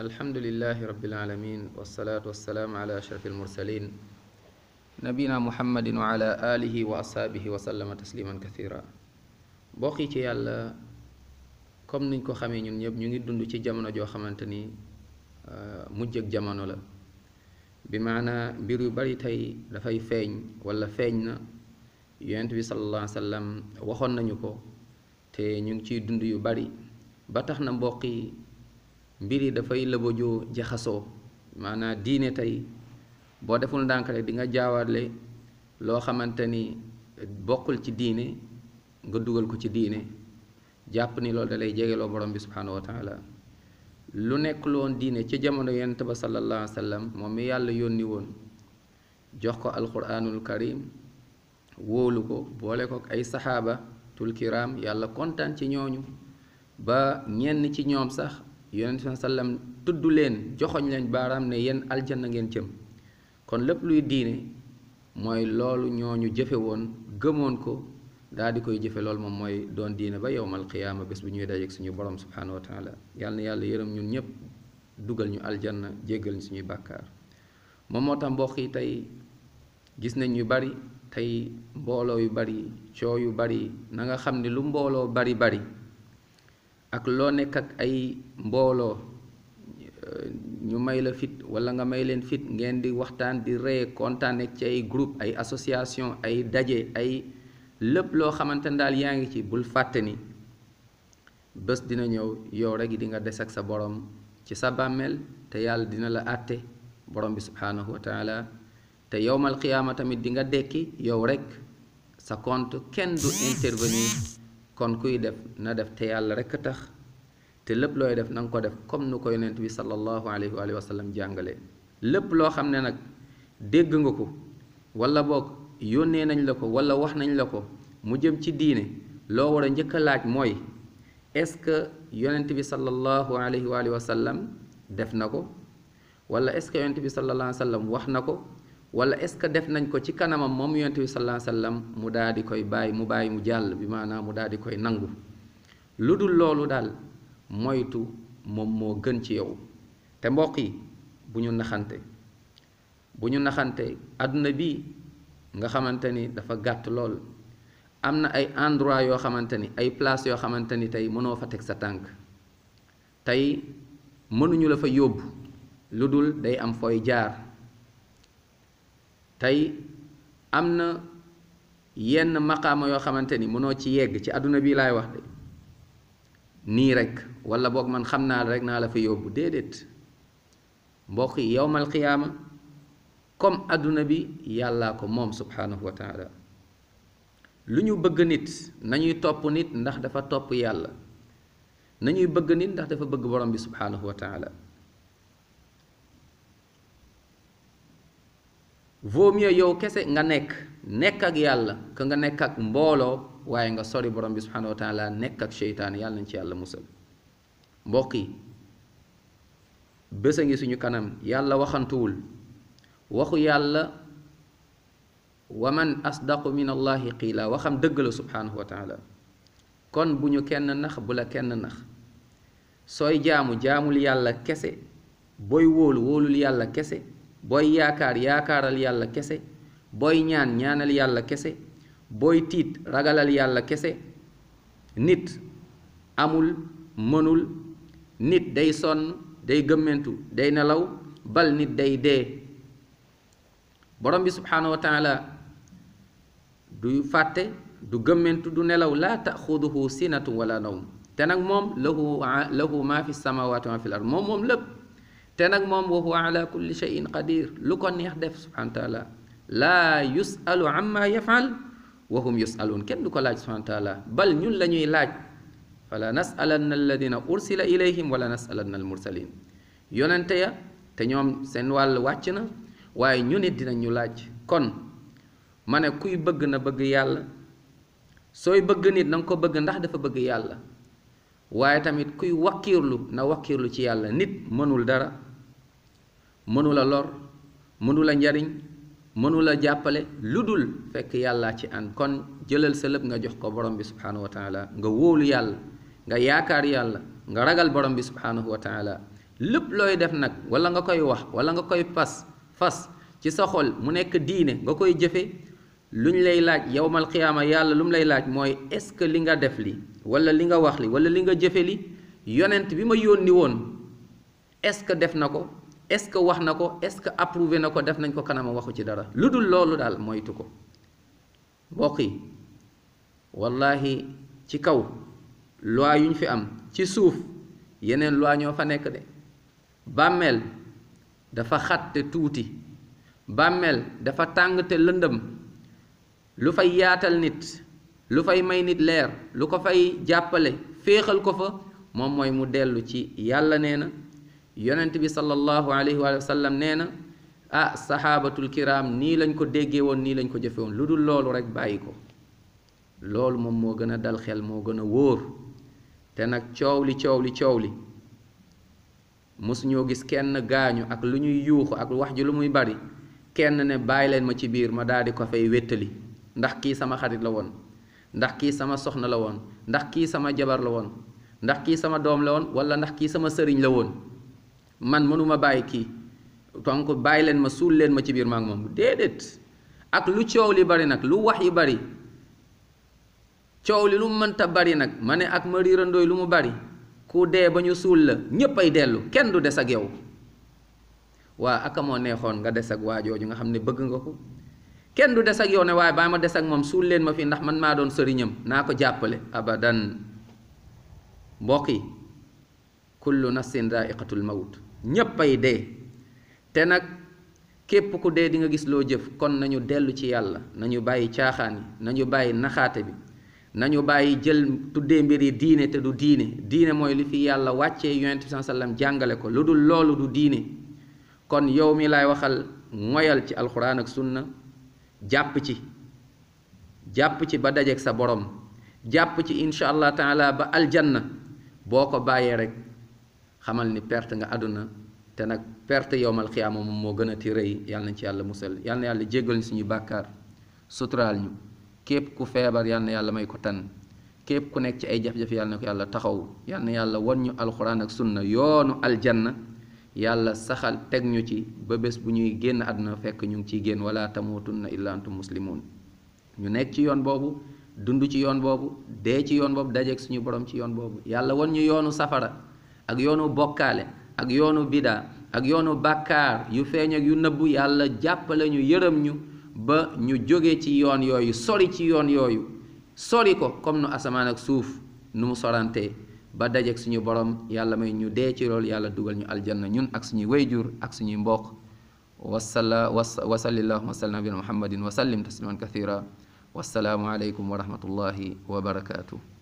alhamdulillahi rabbil alamin wassalaatu wassalaamu ala ashrafi almursalin nabina muhammadin wa ala wa ashaabihi wa sallama tasliman kathira bokk ci yàlla comme niñ ko xamee ñun ñëpp ñu ngi dund ci jamono joo xamante ni euh, mujj ak jamono la bi maanaa mbir yu bari tey dafay feeñ walla feeñ na yonent bi sallallahu alayhi waxoon nañu ko te ñu ngi ciy dund yu bari ba tax na mbokk yi mbir yi dafay lëbëjoo jaxasoo maanaa diine tey boo deful ndànk rek di nga jaawaale loo xamante ni bokkul ci diine nga dugal ko ci diine jàpp ni loolu dalay jegeloo borom bi subhaanahu wa lu nekk loon diine ci jamono yonent ba sallallahu alayhi wa moom mi yàlla yónni woon jox ko alquranul karim wóolu ko boole ko ay saxaaba tul kiram yàlla kontaan ci ñooñu ba ñenn ci ñoom sax yonent bi sallam tudd leen joxoñ leen baaraam ne yéen aljanna ngeen jëm kon lépp luy diine mooy loolu ñooñu jëfe woon gëmoon ko daal di koy jëfe loolu moom mooy doon diine ba yowmal qiyaama bés bu ñuy dajeek suñu borom subhaanahu wa taala yàlla na yàlla yërëm ñun ñëpp dugal ñu aljanna jéggal ñu suñuy bàkkaar moom moo tax mbokk yi tey gis nañ yu bari tey mbooloo yu bari coow yu bari nanga xam ne lu mbooloo bari bari ak loo nekk ak ay mbooloo euh, ñu may la fit wala nga may leen fit ngeen di waxtaan di ree kontaan nekk ci ay groupe ay association ay daje ay lépp loo xamante ne daal yaa ngi ci bul fàtte ni bés dina ñëw yow rek di nga des ak sa borom ci sa bàmmeel te yàlla dina la àtte borom bi subhaanahu te yowmal qiyaama tamit di nga dekki yow rekk sa compte kenn du intervenir kon kuy def na def te yàlla rekk tax te lépp looy def na ko def comme nu ko yonent bi sallallahu alayhi wa sallam jàngale lépp loo xam ne nag dégg nga ko walla boog yónnee nañ la ko wala wax nañ la ko mu jëm ci diine loo war a njëkk a laaj mooy est-ce que yonent bi sallallahu alayhi wa sallam def na ko wala est-ce que yonent bi sallallahu alayhi wax na ko wala est ce que def nañ ko ci kanamam moom yonent bi sallallahu alayhi wasallam mu daal di koy bàyyi mu bàyyi mu jàll bi maanaam mu daal koy nangu lu dul loolu daal moytu moom moo gën ci yow te mbokk yi bu ñu naxante bu ñu naxante àdduna bi nga xamante ni dafa gàtt lool am na ay endroit yoo xamante ni ay place yoo xamante ni tey mënoo fa teg sa tànk tey mënuñu la fa yóbbu lu dul day am fooy jaar tey am na yenn maqaama yoo xamante ni mënoo ci yegg ci àdduna bi laay wax nii rek walla boog man xam naa rekk naa la fa yóbbu déedéet mbokk yi yowmal qiyaama comme àdduna bi yàllaa ko moom subhaanahu wa lu ñu bëgg nit nañuy topp nit ndax dafa topp yàlla nañuy bëgg nit ndax dafa bëgg borom bi subhaanahu wa taala vaut mieux yow kese nga nekk nekk ak yàlla que nga nekk ak mbooloo waaye nga sori borom bi subhanahu wa taala nekk ak seytaane yàlla nañ ci yàlla musal mbokk yi bés a ngi suñu kanam yàlla waxantuwul waxu yàlla wa man asdaqu min allahi qiila waxam dëgg la subhanahu wa kon bu ñu kenn nax bu la kenn nax sooy jaamu jaamul yàlla kese booy wóolu wóolul yàlla kese booy yaakaar yaakaaral yàlla kese booy ñaan ñaanal yàlla kese booy tiit ragalal yàlla kese nit amul mënul nit day sonn day gëmmentu day nelaw bal nit day dee borom bi subhaanahu wa du fàtte du gëmmentu du nelaw laata taxuduhu sinatu wala nawm te nag moom lahu maa fi samawaati wa ma fi l moom moom lépp te nag moom wa huwa kulli shay'in qadir lu ko neex def subhanahu wa taala laa yusalu amma yafal wa hum kenn du ko laaj subhanahu wa bal ñun la ñuy laaj fala nasalanna alladina ursila ilayhim wala nasalanna almursalin yonente ya te ñoom seen wàll wàcc na waaye ñu nit dina ñu laaj kon ma ne kuy bëgg na bëgg yàlla sooy bëgg nit na ko bëgg ndax dafa bëgg yàlla waaye tamit kuy wakkiirlu na wakkiirlu ci yàlla nit mënul dara mënula lor mënula njariñ mënu la jàppale lu dul fekk yàlla ci ànd kon jëlal sa lépp nga jox ko borom bi subhaanahu wa nga wóolu yàlla nga yaakaar yàlla nga ragal borom bi subhaanahu wa taala lépp looy def nag wala nga koy wax wala nga koy fas fas ci sa xol mu nekk diine nga koy jëfe lu ñu lay laaj yowmal qiyaama yàlla lu mu lay laaj mooy est-ce que li nga def li wala li nga wax li wala li nga jëfe li yonent bi ma yónni woon est-ce que def na ko est-ce que wax na ko est-ce que approuvé na ko def nañ ko kanama waxu ci dara lu dul loolu daal moytu ko mbokk yi wallaahi ci kaw loi yu ñu fi am ci suuf yeneen loi ñoo fa nekk de bàmmeel dafa xat te tuuti bàmmeel dafa tàng te lëndëm lu fay yaatal nit lu fay may nit leer lu ko fay jàppale féexal ko fa moom mooy mu dellu ci yàlla nee na yonent bi sallallahu alayhi wa sallam nee na ah saxaabatul kiraam nii lañ ko déggee woon nii lañ ko jëfe woon lu dul loolu rek bàyyi ko loolu moom moo gën a dal xel moo gën a wóor te nag coow li coow li coow li mosuñoo gis kenn gaañu ak lu ñuy yuuxu ak wax ji lu muy bari kenn ne bàyyi leen ma ci biir ma daal di ko fay wéttali ndax kii sama xarit la woon ndax kii sama soxna la woon ndax kii sama jabar la woon ndax kii sama doom la woon wala ndax kii sama sëriñ la woon man mënuma bàyyi kii donc bàyyi leen ma suul leen ma ci biir maag moom déedéet ak lu coow li bari nag lu wax yi bari coow li lu mu mënta bari nag ma ne ak ma riirandooy lu mu bari ku dee ba ñu suul la ñépp ay dellu kenn du des ak yow waa aka moo neexoon nga des ak waa jooju nga xam ne bëgg nga ko kenn du des ak yow ne waaye baa ma des ak moom suul leen ma fii ndax man maa doon sëriñam naa ko jàppale abadan mbokk yi kullu nafsin raiqatul mawt ñépp ay dee te nag képp ku dee di nga gis loo jëf kon nañu dellu ci yàlla nañu bàyyi caaxaan yi nañu bàyyi naxaate bi nañu bàyyi jël tuddee mbir yi diine te du diine diine mooy li fi yàlla wàccee yonent bi sallam jàngale ko lu dul loolu du diine kon yow mi laay waxal moyal ci alxuraan ak sunna jàpp ci jàpp ci ba dajeeg sa borom jàpp ci incha allah taala ba aljana boo ko bàyyee rek xamal ni perte nga àdduna te nag perte yowmal xiyaama moom moo gën a ti rëy yàlla nañ ci yàlla musal yàlla na yàlla jéggal ñu suñu bàkkaar suturaal ñu képp ku feebar yàlla na yàlla may ko tan képp ku nekk ci ay jafe-jafe yàlla na ko yàlla taxaw yàlla na yàlla wan ñu alxuraan ak sunna yoonu aljanna yàlla saxal teg ñu ci ba bés bu ñuy génn àdduna fekk ñu ngi ciy génn wala tamutunna illa antum muslimun ñu nekk ci yoon boobu dund ci yoon boobu dee ci yoon boobu dajeeg suñu borom ci yoon boobu yoonu safara ak yoonu bokkaale ak yoonu bidaa ak yoonu bàkkaar yu feeñ ak yu nëbbu yàlla jàppale ñu yërëm ñu ba ñu jóge ci yoon yooyu sori ci yoon yooyu sori ko comme nu asamaan ak suuf nu mu sorantee ba dajeek suñu borom yàlla may ñu dee ci loolu yàlla dugal ñu aljanna ñun ak suñuy wayjur ak suñuy mbokk wasala wasalillahu wasalli nabina muhammadin wasallim tasliman kathira wasalaamu aleykum wa rahmatullahi wa barakatuh